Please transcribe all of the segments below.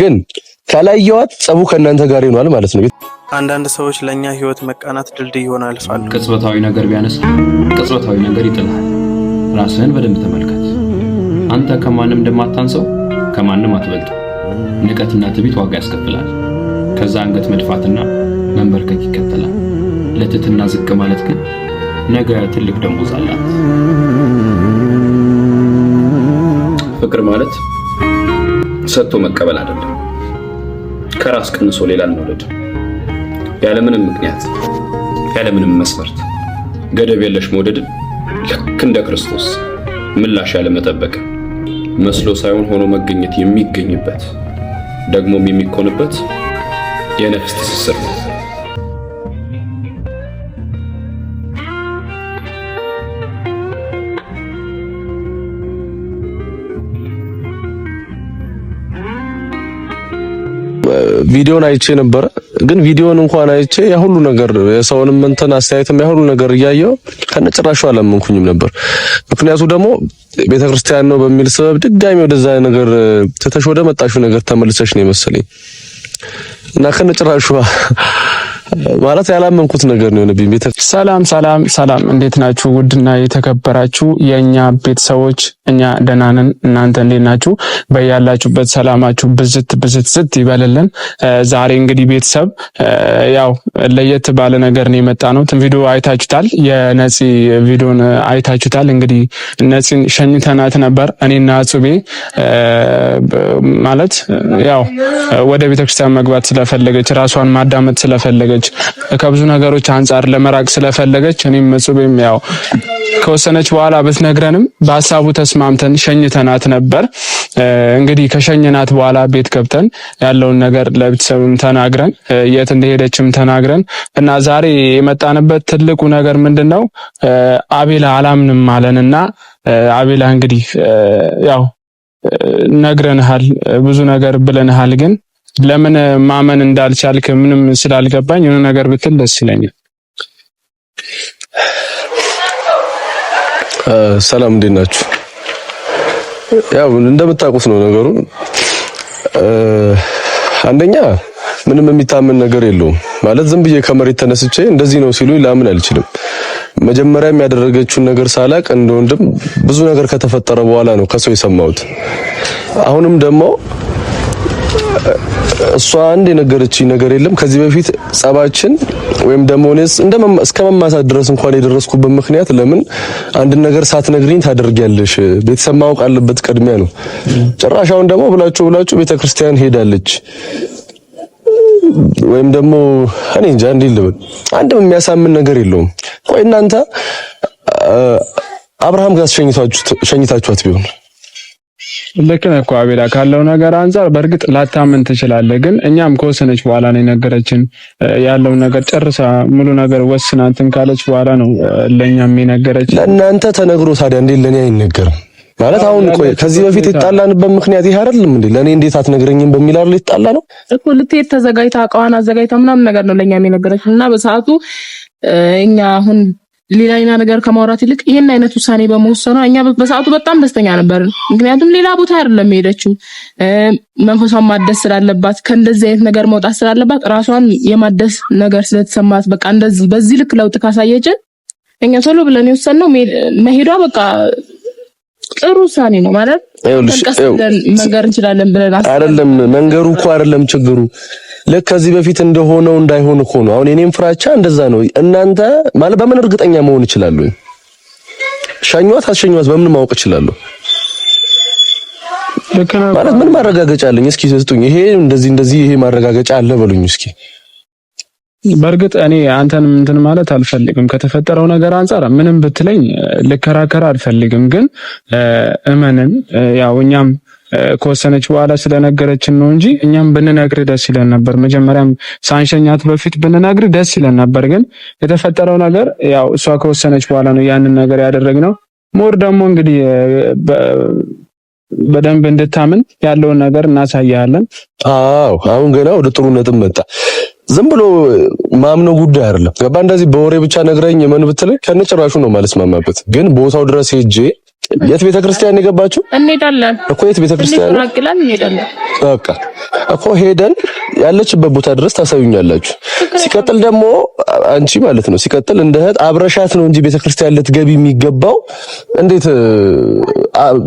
ግን ካላየዋት ጸቡ ከእናንተ ጋር ይሆናል ማለት ነው። አንዳንድ ሰዎች ለእኛ ህይወት መቃናት ድልድይ ይሆናል ያልፋሉ። ቅጽበታዊ ነገር ቢያነሳ ቅጽበታዊ ነገር ይጥልሃል። ራስህን በደንብ ተመልከት። አንተ ከማንም እንደማታንሰው ከማንም አትበልጥ። ንቀትና ትቢት ዋጋ ያስከፍላል። ከዛ አንገት መድፋትና መንበርከክ ይከተላል። ለትትና ዝቅ ማለት ግን ነገ ትልቅ ደሞዝ አላት። ፍቅር ማለት ሰጥቶ መቀበል አይደለም። ከራስ ቀንሶ ሌላን መውለድ ያለምንም ምክንያት ያለምንም መስፈርት ገደብ የለሽ መውደድን ልክ እንደ ክርስቶስ ምላሽ ያለመጠበቅ መስሎ ሳይሆን ሆኖ መገኘት የሚገኝበት ደግሞም የሚኮንበት የነፍስ ትስስር ነው። ቪዲዮን አይቼ ነበረ። ግን ቪዲዮን እንኳን አይቼ ያ ሁሉ ነገር የሰውንም እንትን አስተያየትም ያ ሁሉ ነገር እያየው ከነጭራሹ አላመንኩኝም ነበር። ምክንያቱ ደግሞ ቤተክርስቲያን ነው በሚል ሰበብ ድጋሚ ወደዛ ነገር ትተሽ ወደ መጣሹ ነገር ተመልሰሽ ነው የመሰለኝ እና ከነጭራሹ ማለት ያላመንኩት ነገር ነው የሆነብኝ። ቤተ ሰላም ሰላም ሰላም፣ እንዴት ናችሁ? ውድና የተከበራችሁ የእኛ ቤተሰቦች እኛ ደህና ነን፣ እናንተ እንዴት ናችሁ? በያላችሁበት ሰላማችሁ ብዝት ብዝት ዝት ይበልልን። ዛሬ እንግዲህ ቤተሰብ ያው ለየት ባለ ነገር ነው የመጣ ነው። ቪዲዮ አይታችሁታል፣ የነፂ ቪዲዮን አይታችሁታል። እንግዲህ ነፂን ሸኝተናት ነበር እኔና አጹቤ ማለት ያው ወደ ቤተክርስቲያን መግባት ስለፈለገች ራሷን ማዳመጥ ስለፈለገች ነገሮች ከብዙ ነገሮች አንጻር ለመራቅ ስለፈለገች እኔም እጹብም ያው ከወሰነች በኋላ ብትነግረንም በሀሳቡ ተስማምተን ሸኝተናት ነበር። እንግዲህ ከሸኝናት በኋላ ቤት ገብተን ያለውን ነገር ለቤተሰብም ተናግረን የት እንደሄደችም ተናግረን እና ዛሬ የመጣንበት ትልቁ ነገር ምንድን ነው? አቤላ አላምንም አለን እና አቤላ እንግዲህ ያው ነግረንሃል፣ ብዙ ነገር ብለንሃል ግን ለምን ማመን እንዳልቻልክ ምንም ስላልገባኝ የሆነ ነገር ብትል ደስ ይለኛል። ሰላም እንዴት ናችሁ? ያው እንደምታውቁት ነው ነገሩ። አንደኛ ምንም የሚታመን ነገር የለውም ማለት ዝም ብዬ ከመሬት ተነስቼ እንደዚህ ነው ሲሉ ላምን አልችልም። መጀመሪያም ያደረገችውን ነገር ሳላቅ እንደወንድም ብዙ ነገር ከተፈጠረ በኋላ ነው ከሰው የሰማሁት። አሁንም ደግሞ እሷ አንድ የነገረችኝ ነገር የለም። ከዚህ በፊት ጸባችን ወይም ደግሞ እኔስ እስከ መማታት ድረስ እንኳን የደረስኩበት ምክንያት ለምን አንድ ነገር ሳትነግሪኝ ታደርጊያለሽ? ቤተሰብ ማወቅ አለበት ቅድሚያ ነው። ጭራሻውን ደግሞ ብላችሁ ብላችሁ ቤተክርስቲያን ሄዳለች ወይም ደግሞ እኔ እንጃ እንዴ ልበል፣ አንድም የሚያሳምን ነገር የለውም። ቆይ እናንተ አብርሃም ጋር ሸኝታችሁት ቢሆን ልክ ነህ እኮ አቤላ፣ ካለው ነገር አንጻር በእርግጥ ላታምን ትችላለህ። ግን እኛም ከወሰነች በኋላ ነው የነገረችን ያለውን ነገር ጨርሳ ሙሉ ነገር ወስና እንትን ካለች በኋላ ነው ለእኛም የነገረችን። ለእናንተ ተነግሮ ታዲያ እንዴት ለእኔ አይነገርም? ማለት አሁን ቆይ ከዚህ በፊት የተጣላንበት ምክንያት ይሄ አይደለም እንዴ? ለእኔ እንዴት አትነግረኝም በሚል አይደል የተጣላ ነው እኮ። ልትሄድ ተዘጋጅታ እቃዋን አዘጋጅታ ምናምን ነገር ነው ለእኛም የነገረችን እና በሰዓቱ እኛ አሁን ሌላ ሌላ ነገር ከማውራት ይልቅ ይሄን አይነት ውሳኔ በመወሰኗ እኛ በሰዓቱ በጣም ደስተኛ ነበርን። ምክንያቱም ሌላ ቦታ አይደለም የሄደችው፣ መንፈሷን ማደስ ስላለባት ከእንደዚህ አይነት ነገር መውጣት ስላለባት ራሷን የማደስ ነገር ስለተሰማት በቃ እንደዚህ በዚህ ልክ ለውጥ ካሳየችን እኛ ቶሎ ብለን የወሰንነው መሄዷ በቃ ጥሩ ውሳኔ ነው ማለት ነገር እንችላለን ብለን አይደለም መንገሩ እኮ አይደለም ችግሩ ልክ ከዚህ በፊት እንደሆነው እንዳይሆን እኮ ነው። አሁን የኔም ፍራቻ እንደዛ ነው። እናንተ ማለት በምን እርግጠኛ መሆን ይችላሉ? ሸኟት አትሸኟት በምን ማወቅ እችላለሁ? ማለት ምን ማረጋገጫ አለኝ? እስኪ ስጡኝ። ይሄ እንደዚህ እንደዚህ ይሄ ማረጋገጫ አለ በሉኝ እስኪ። በእርግጥ እኔ አንተን እንትን ማለት አልፈልግም። ከተፈጠረው ነገር አንጻር ምንም ብትለኝ ልከራከር አልፈልግም። ግን እመንን ያው እኛም ከወሰነች በኋላ ስለነገረችን ነው እንጂ እኛም ብንነግር ደስ ይለን ነበር። መጀመሪያም ሳንሸኛት በፊት ብንነግር ደስ ይለን ነበር፣ ግን የተፈጠረው ነገር ያው እሷ ከወሰነች በኋላ ነው ያንን ነገር ያደረግነው። ሞር ደግሞ እንግዲህ በደንብ እንድታምን ያለውን ነገር እናሳያለን። አዎ አሁን ገና ወደ ጥሩነትም መጣ። ዝም ብሎ ማምነው ጉዳይ አይደለም። ገባ እንደዚህ በወሬ ብቻ ነግረኝ ምን ብትለኝ ከነጭራሹ ነው ማለት ማማበት፣ ግን ቦታው ድረስ ሄጄ የት ክርስቲያን የገባችሁ? እንሄዳለን እኮ የት እንሄዳለን። በቃ እኮ ሄደን ያለችበት ቦታ ድረስ ታሳዩኛላችሁ። ሲቀጥል ደግሞ አንቺ ማለት ነው ሲቀጥል እንደ እህት አብረሻት ነው እንጂ ቤተክርስቲያን ልትገቢ የሚገባው እንዴት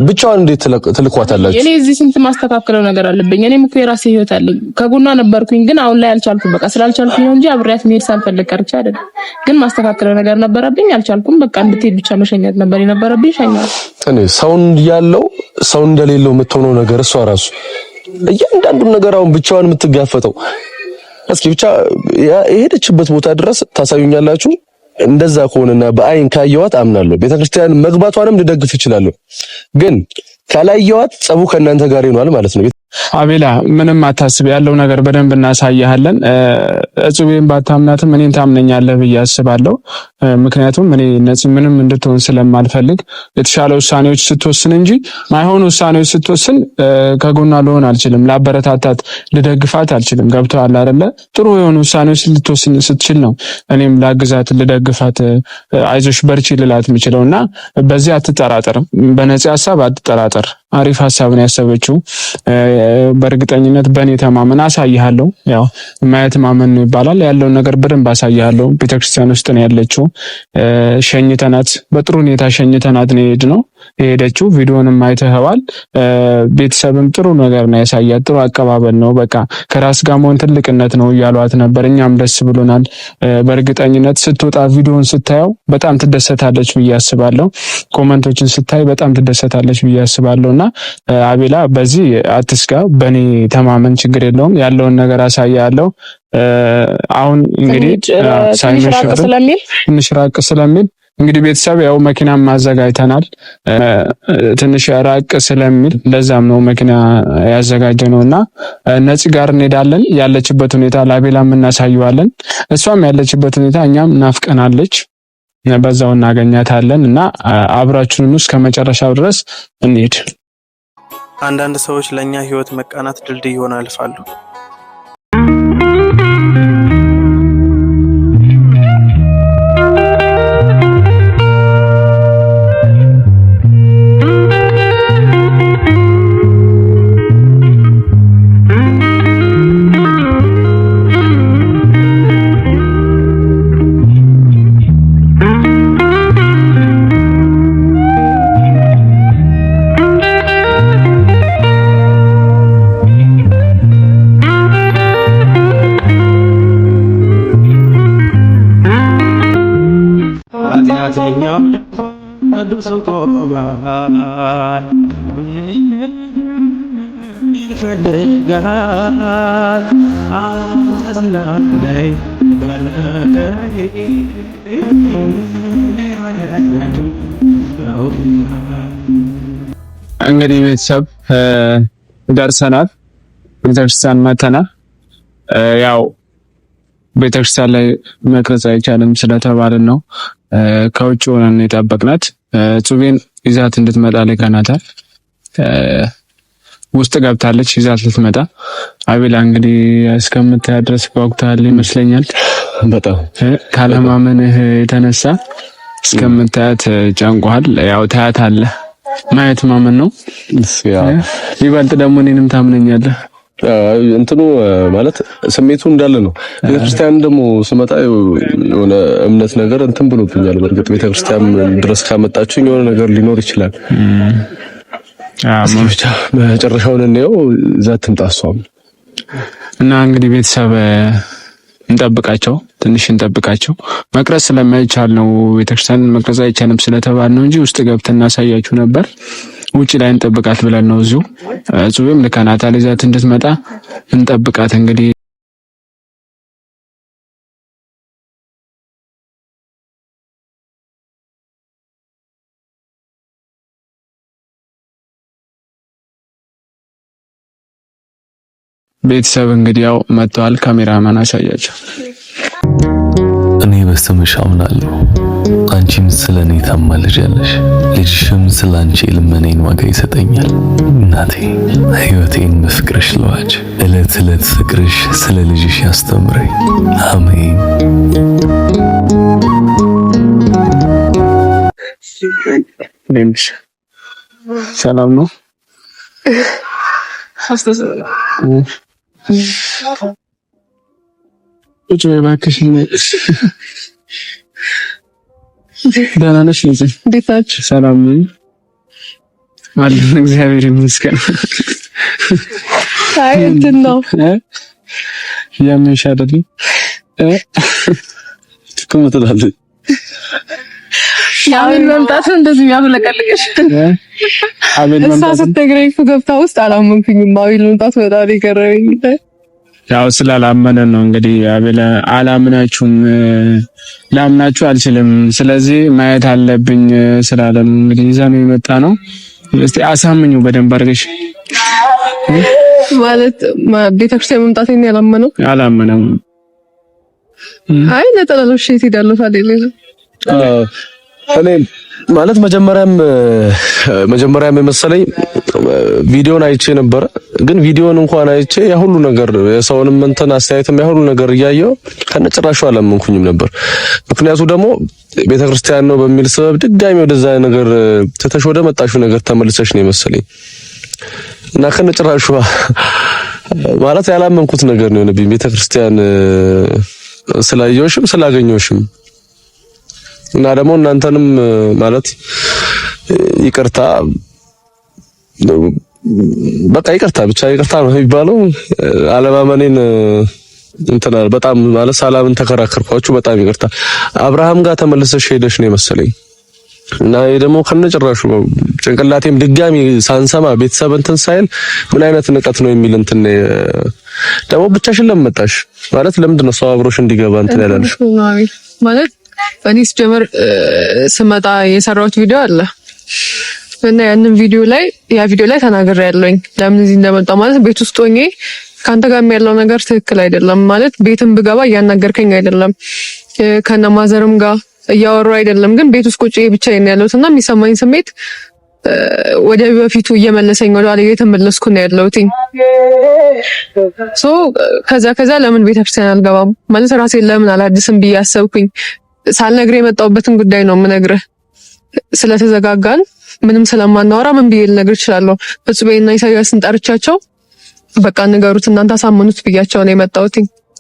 ብቻዋን እንዴት ትልኳታላችሁ? እኔ እዚህ ስንት ማስተካከለው ነገር አለብኝ። እኔም እኮ የራሴ ህይወት አለኝ። ከጎኗ ነበርኩኝ፣ ግን አሁን ላይ አልቻልኩም። በቃ ስላልቻልኩኝ ነው እንጂ አብሬያት መሄድ ሳልፈልግ ቀርቼ አይደለም። ግን ማስተካከለው ነገር ነበረብኝ፣ አልቻልኩም። በቃ እንድትሄድ ብቻ መሸኘት ነበር የነበረብኝ። ሸኛለሁ እኔ ሰውን ያለው ሰው እንደሌለው የምትሆነው ነገር እሷ ራሱ እያንዳንዱን ነገር አሁን ብቻዋን የምትጋፈጠው እስኪ ብቻ የሄደችበት ቦታ ድረስ ታሳዩኛላችሁ። እንደዛ ከሆነና በአይን ካየዋት አምናለሁ፣ ቤተክርስቲያን መግባቷንም ልደግፍ ይችላለሁ ግን ካላየዋት ጸቡ ከእናንተ ጋር ይሆናል ማለት ነው። አቤላ ምንም አታስብ፣ ያለው ነገር በደንብ እናሳያለን። እጽቤን ባታምናትም እኔን ታምነኛለህ ብዬ አስባለሁ። ምክንያቱም እኔ እነዚህ ምንም እንድትሆን ስለማልፈልግ የተሻለ ውሳኔዎች ስትወስን እንጂ ማይሆን ውሳኔዎች ስትወስን ከጎኗ ልሆን አልችልም። ላበረታታት፣ ልደግፋት አልችልም። ገብቶሃል አይደለ? ጥሩ የሆኑ ውሳኔዎች ልትወስን ስትችል ነው እኔም ላግዛት፣ ልደግፋት፣ አይዞሽ በርቺ ልላት የምችለው እና በዚህ አትጠራጠር፣ በነፂ ሀሳብ አትጠራጠር። አሪፍ ሀሳብ ነው ያሰበችው። በእርግጠኝነት በእኔ ተማመን አሳይሃለሁ። ያው ማየት ማመን ይባላል። ያለውን ነገር በደንብ አሳይሃለሁ። ቤተክርስቲያን ውስጥ ነው ያለችው። ሸኝተናት፣ በጥሩ ሁኔታ ሸኝተናት ነው የሄድነው። የሄደችው። ቪዲዮንም አይተኸዋል። ቤተሰብም ጥሩ ነገር ነው ያሳያት፣ ጥሩ አቀባበል ነው። በቃ ከራስ ጋር መሆን ትልቅነት ነው እያሏት ነበር። እኛም ደስ ብሎናል። በእርግጠኝነት ስትወጣ ቪዲዮን ስታየው በጣም ትደሰታለች ብዬ አስባለሁ። ኮመንቶችን ስታይ በጣም ትደሰታለች ብዬ አስባለሁ። እና አቤላ በዚህ አትስጋ፣ በእኔ ተማመን፣ ችግር የለውም ያለውን ነገር አሳያለሁ። አሁን እንግዲህ ትንሽ ራቅ ስለሚል እንግዲህ ቤተሰብ ያው መኪና አዘጋጅተናል። ትንሽ ራቅ ስለሚል ለዛም ነው መኪና ያዘጋጀ ነው እና ነፂ ጋር እንሄዳለን። ያለችበት ሁኔታ ላቤላም እናሳየዋለን። እሷም ያለችበት ሁኔታ እኛም ናፍቀናለች። በዛው እናገኛታለን እና አብራችሁን እስከ መጨረሻው ድረስ እንሄድ። አንዳንድ ሰዎች ለእኛ ህይወት መቃናት ድልድይ ሆነው ያልፋሉ። ይሆናል አዝናለይ እንግዲህ ቤተሰብ ደርሰናል። ቤተክርስቲያን መተና ያው ቤተክርስቲያን ላይ መቅረጽ አይቻልም ስለተባልን ነው ከውጭ ሆነን የጠበቅናት ጹቤን ይዛት እንድትመጣ ልከናታል። ውስጥ ገብታለች ይዛት ስትመጣ አቤላ እንግዲህ እስከምታያ ድረስ ጓጉታል ይመስለኛል። በጣም ካለማመንህ የተነሳ እስከምታያት ጨንቋል። ያው ታያት አለ ማየት ማመን ነው። ይበልጥ ደግሞ እኔንም ታምነኛለህ እንትኑ ማለት ስሜቱ እንዳለ ነው። ቤተክርስቲያን ደግሞ ስመጣ የሆነ እምነት ነገር እንትን ብሎብኛል። በእርግጥ ቤተክርስቲያን ድረስ ካመጣችሁኝ የሆነ ነገር ሊኖር ይችላል እስኪ ብቻ መጨረሻውን እንየው። እዛ ትምጣ እሷም እና እንግዲህ ቤተሰብ እንጠብቃቸው ትንሽ እንጠብቃቸው። መቅረጽ ስለማይቻል ነው ቤተክርስቲያን መቅረጽ አይቻልም ስለተባል ነው እንጂ ውስጥ ገብተን እናሳያችሁ ነበር። ውጭ ላይ እንጠብቃት ብለን ነው እዚሁ እጹብም ልከናታል ይዛት እንድትመጣ እንጠብቃት እንግዲህ ቤተሰብ እንግዲህ ያው መጥተዋል። ካሜራማን አሳያቸው። እኔ በስምሽ አምናለሁ። አንቺም ስለ እኔ ታማልጃለሽ፣ ልጅሽም ስለ አንቺ ልመኔን ዋጋ ይሰጠኛል። እናቴ ሕይወቴን በፍቅርሽ ለዋጅ ዕለት ዕለት ፍቅርሽ ስለ ልጅሽ ያስተምረኝ። አሜን። ሰላም ነው። Oturuyor belki şimdi. Dönene şimdi. Birkaç. Selamlayın. Ardından güzel birimiz kan. Hayır, tindom. Ja, men kära du. Kommer inte det አቤል መምጣት እንደዚህ የሚያብለቀልቅሽ እሷ ስትነግረኝ ገብታ ውስጥ አላመንኩኝም። አቤል መምጣት በጣም የገረመኝ ያው ስላላመነ ነው እንግዲህ። አቤል አላምናችሁም፣ ላምናችሁ አልችልም፣ ስለዚህ ማየት አለብኝ ስላለም እንግዲህ ነው የመጣ ነው። እስቲ አሳምኙ በደንብ አድርገሽ ማለት ቤተክርስቲያን መምጣቴን ያላመነው አላመነም። አይ ነጠላ ለብሼ እሄዳለሁ ታዲያ ሌላ እኔ ማለት መጀመሪያም መጀመሪያም የመሰለኝ ቪዲዮን አይቼ ነበረ። ግን ቪዲዮን እንኳን አይቼ ያ ሁሉ ነገር የሰውንም እንትን አስተያየትም ያ ሁሉ ነገር እያየሁ ከነጭራሹ አላመንኩኝም ነበር። ምክንያቱ ደግሞ ቤተክርስቲያን ነው በሚል ሰበብ ድጋሚ ወደዛ ነገር ትተሽ ወደ መጣሽው ነገር ተመልሰሽ ነው የመሰለኝ እና ከነጭራሹ ማለት ያላመንኩት ነገር ነው የሆነብኝ ቤተክርስቲያን ስላየሁሽም ስላገኘሁሽም እና ደግሞ እናንተንም ማለት ይቅርታ በቃ ይቅርታ ብቻ ይቅርታ ነው የሚባለው። አለማመኔን እንትናል በጣም ማለት ሰላምን ተከራከርኳችሁ። በጣም ይቅርታ። አብርሃም ጋር ተመልሰሽ ሄደሽ ነው የመሰለኝ እና ይሄ ደግሞ ከነጭራሹ ጭንቅላቴም ድጋሚ ሳንሰማ ቤተሰብ እንትን ሳይል ምን አይነት ንቀት ነው የሚል እንትን ደግሞ ብቻሽን ለምን መጣሽ ማለት ለምንድን ነው ሰው አብሮሽ እንዲገባ እንትን ያላለሽ ማለት እኔ ስጀምር ስመጣ የሰራሁት ቪዲዮ አለ እና ያንን ቪዲዮ ላይ ያ ቪዲዮ ላይ ተናገር ያለኝ ለምን እዚህ እንደመጣ ማለት ቤት ውስጥ ሆኜ ከአንተ ጋር ያለው ነገር ትክክል አይደለም ማለት ቤትም ብገባ እያናገርከኝ አይደለም ከነ ማዘርም ጋር እያወሩ አይደለም ግን ቤት ውስጥ ቁጭ ነው ያለሁት እና የሚሰማኝ ስሜት ወደ በፊቱ እየመለሰኝ ወደ ኋላ እየተመለስኩ ነው ያለሁት። ሶ ከዛ ከዛ ለምን ቤተክርስቲያን አልገባም ማለት ራሴን ለምን አላድስም ብዬ አሰብኩኝ። ሳልነግር የመጣሁበትን ጉዳይ ነው የምነግርህ። ስለተዘጋጋን ምንም ስለማናወራ ምን ብዬ ልነግር እችላለሁ? ፍጹሜና ኢሳያስን ጠርቻቸው በቃ ንገሩት እናንተ አሳምኑት ብያቸው ነው የመጣሁት።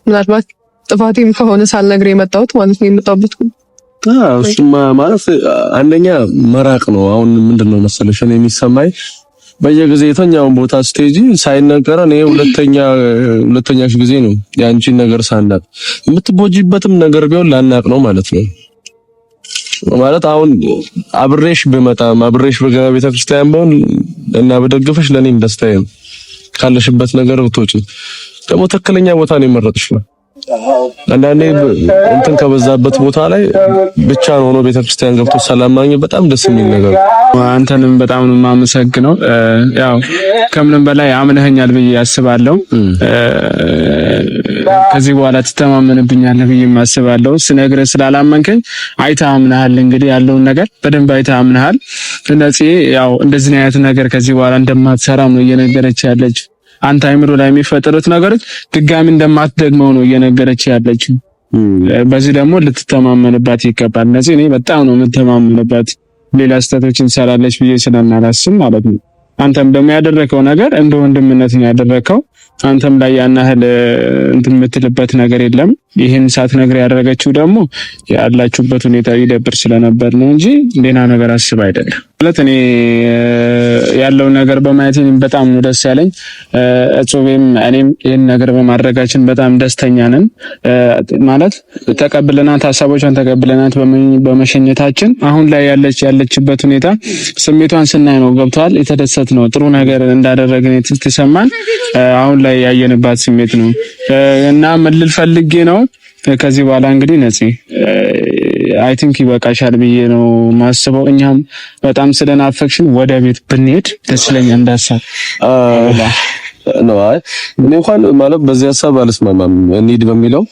ምናልባት ጥፋቴም ከሆነ ሳልነግር የመጣሁት ማለት ነው የመጣሁበት እሱማ ማለት አንደኛ መራቅ ነው። አሁን ምንድን ነው መሰለሽ እኔ የሚሰማኝ በየጊዜ የተኛውን ቦታ ስቴጂ ሳይነገረን ይሄ ሁለተኛ ሁለተኛ ጊዜ ነው የአንቺን ነገር ሳናቅ የምትቦጂበትም ነገር ቢሆን ላናቅ ነው ማለት ነው። ማለት አሁን አብሬሽ ብመጣም አብሬሽ በገባ ቤተክርስቲያን በሆን እና በደግፈሽ ለኔም ደስታዬ ነው። ካለሽበት ነገር ብትወጪ ደግሞ ትክክለኛ ቦታ ነው የመረጥሽው። አንዳንዴ እንትን ከበዛበት ቦታ ላይ ብቻ ነው ሆኖ ቤተክርስቲያን ገብቶ ሰላም ማግኘት በጣም ደስ የሚል ነገር ነው። አንተንም በጣም ነው የማመሰግነው። ያው ከምንም በላይ አምነኸኛል ብዬ አስባለሁ። ከዚህ በኋላ ትተማመንብኛለህ ብዬ አስባለሁ። ስነግርህ ስላላመንከኝ አይተህ አምነሃል። እንግዲህ ያለውን ነገር በደንብ አይተህ አምነሃል። ያው እንደዚህ አይነት ነገር ከዚህ በኋላ እንደማትሰራም ነው እየነገረች ያለች አንተ አይምሮ ላይ የሚፈጠሩት ነገሮች ድጋሚ እንደማትደግመው ነው እየነገረች ያለችው። በዚህ ደግሞ ልትተማመንባት ይገባል። ለዚህ እኔ በጣም ነው የምተማመንባት። ሌላ ስህተቶችን ሰራለች ብዬ ስለማላስብ ማለት ነው። አንተም ደግሞ ያደረከው ነገር እንደ ወንድምነት ነው ያደረከው። አንተም ላይ ያን እንትን የምትልበት ነገር የለም። ይህን ነገር ያደረገችው ደግሞ ያላችሁበት ሁኔታ ይደብር ስለነበር ነው እንጂ ሌላ ነገር አስብ አይደለም። ማለት እኔ ያለውን ነገር በማየት በጣም ነው ደስ ያለኝ። እጹብም እኔም ይህን ነገር በማድረጋችን በጣም ደስተኛ ነን። ማለት ተቀብለናት፣ ሀሳቦቿን ተቀብለናት በመሸኘታችን አሁን ላይ ያለች ያለችበት ሁኔታ ስሜቷን ስናይ ነው ገብቷል። የተደሰት ነው ጥሩ ነገር እንዳደረግን የተሰማን አሁን ላይ ያየንባት ስሜት ነው እና ምን ልል ፈልጌ ነው ከዚህ በኋላ እንግዲህ ነፂ አይ ቲንክ ይበቃሻል ብዬ ነው ማስበው። እኛም በጣም ስለናፈቅሽን ወደ ቤት ብንሄድ ደስ ይለኛል። እንዳሳብ ነው። አይ እኔ እንኳን ማለት በዚህ ሀሳብ አልስማማም። እንሂድ በሚለው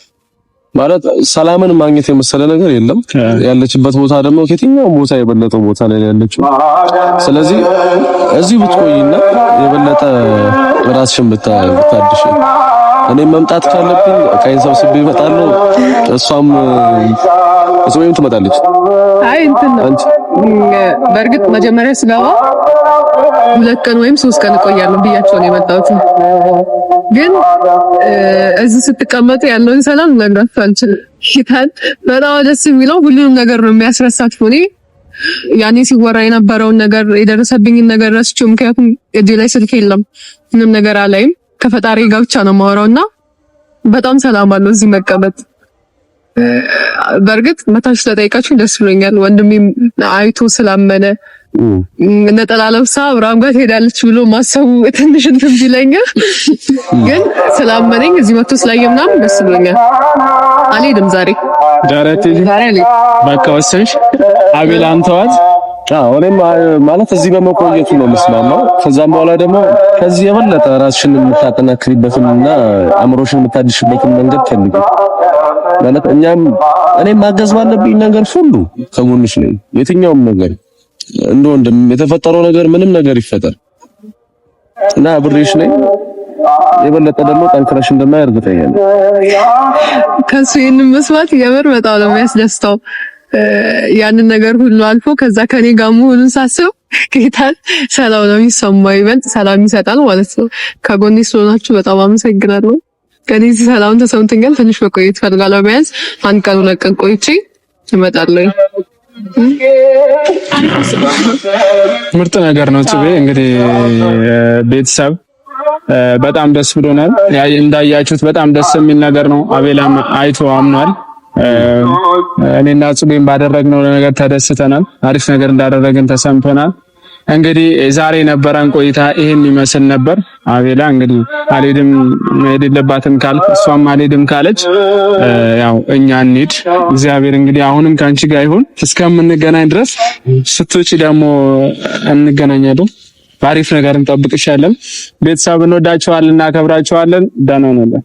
ማለት ሰላምን ማግኘት የመሰለ ነገር የለም። ያለችበት ቦታ ደግሞ ከየትኛውም ቦታ የበለጠ ቦታ ላይ ያለችው። ስለዚህ እዚህ ብትቆይና የበለጠ ራስሽን ብታድሽ እኔ መምጣት ካለብኝ ካይን ሰብስቤ እመጣለሁ። እሷም እሱ ወይም ትመጣለች። አይ እንትን ነው። በእርግጥ መጀመሪያ ስገባ ሁለት ቀን ወይም ሶስት ቀን እቆያለሁ ብያቸው ነው የመጣሁት። ግን እዚህ ስትቀመጡ ያለውን ሰላም ልነግራችሁ አልችልም። ይታል በጣም ደስ የሚለው ሁሉንም ነገር ነው የሚያስረሳችሁ። እኔ ያኔ ሲወራ የነበረውን ነገር የደረሰብኝን ነገር ረስቼው፣ ምክንያቱም እጄ ላይ ስልክ የለም ምንም ነገር አላይም። ከፈጣሪ ጋር ብቻ ነው የማወራው እና በጣም ሰላም አለው እዚህ መቀመጥ። በእርግጥ መታችሁ ስለጠይቃችሁ ደስ ብሎኛል። ወንድሜም አይቶ ስላመነ ነጠላ ለብሳ አብርሃም ጋር ትሄዳለች ብሎ ማሰቡ ትንሽ እንትን ቢለኛ ግን ስላመነኝ እዚህ መጥቶ ስላየ ምናምን ደስ ብሎኛል። አልሄድም ዛሬ ዳረት ዛሬ በቃ ወሰንሽ አቤል አንተዋት አዎ እኔም ማለት እዚህ በመቆየቱ ነው የምስማማው። ከዛም በኋላ ደግሞ ከዚህ የበለጠ ራስሽን የምታጠናክሪበትን እና አእምሮሽን የምታድሽበትን መንገድ ፈልጊ። ማለት እኛም እኔም ማገዝ ባለብኝ ነገር ሁሉ ከጎንሽ ነኝ። የትኛውም ነገር እንደ ወንድም የተፈጠረው ነገር ምንም ነገር ይፈጠር እና አብሬሽ ነኝ። የበለጠ ደግሞ ጠንክረሽ እንደማይ ከሱ ይህንን መስማት የምር በጣም ነው የሚያስደስተው። ያንን ነገር ሁሉ አልፎ ከዛ ከኔ ጋር መሆኑን ሳስብ ጌታን ሰላም ነው የሚሰማው፣ ይበልጥ ሰላም ይሰጣል ማለት ነው። ከጎኔ ስለሆናችሁ በጣም አመሰግናለሁ። ከኔ እዚህ ሰላም ተሰምቶኛል። ትንሽ መቆየት እፈልጋለሁ። ቢያንስ አንድ ቀን ሁለት ቀን ቆይቼ እመጣለሁ። ምርጥ ነገር ነው። ጽቤ እንግዲህ ቤተሰብ በጣም ደስ ብሎናል። እንዳያችሁት በጣም ደስ የሚል ነገር ነው። አቤላም አይቶ አምኗል። እኔና ጽጌም ባደረግነው ነገር ተደስተናል። አሪፍ ነገር እንዳደረግን ተሰምተናል እንግዲህ ዛሬ ነበረን ቆይታ ይሄን ይመስል ነበር። አቤላ እንግዲህ አልሄድም መሄድ የለባትም ካልክ እሷም አልሄድም ካለች ያው እኛ እንሂድ። እግዚአብሔር እንግዲህ አሁንም ከአንቺ ጋር ይሁን እስከምንገናኝ ድረስ። ስትውጪ ደግሞ እንገናኛለን። በአሪፍ ነገር እንጠብቅሻለን። ቤተሰብ እንወዳቸዋለን፣ እናከብራቸዋለን። ደህና ነን።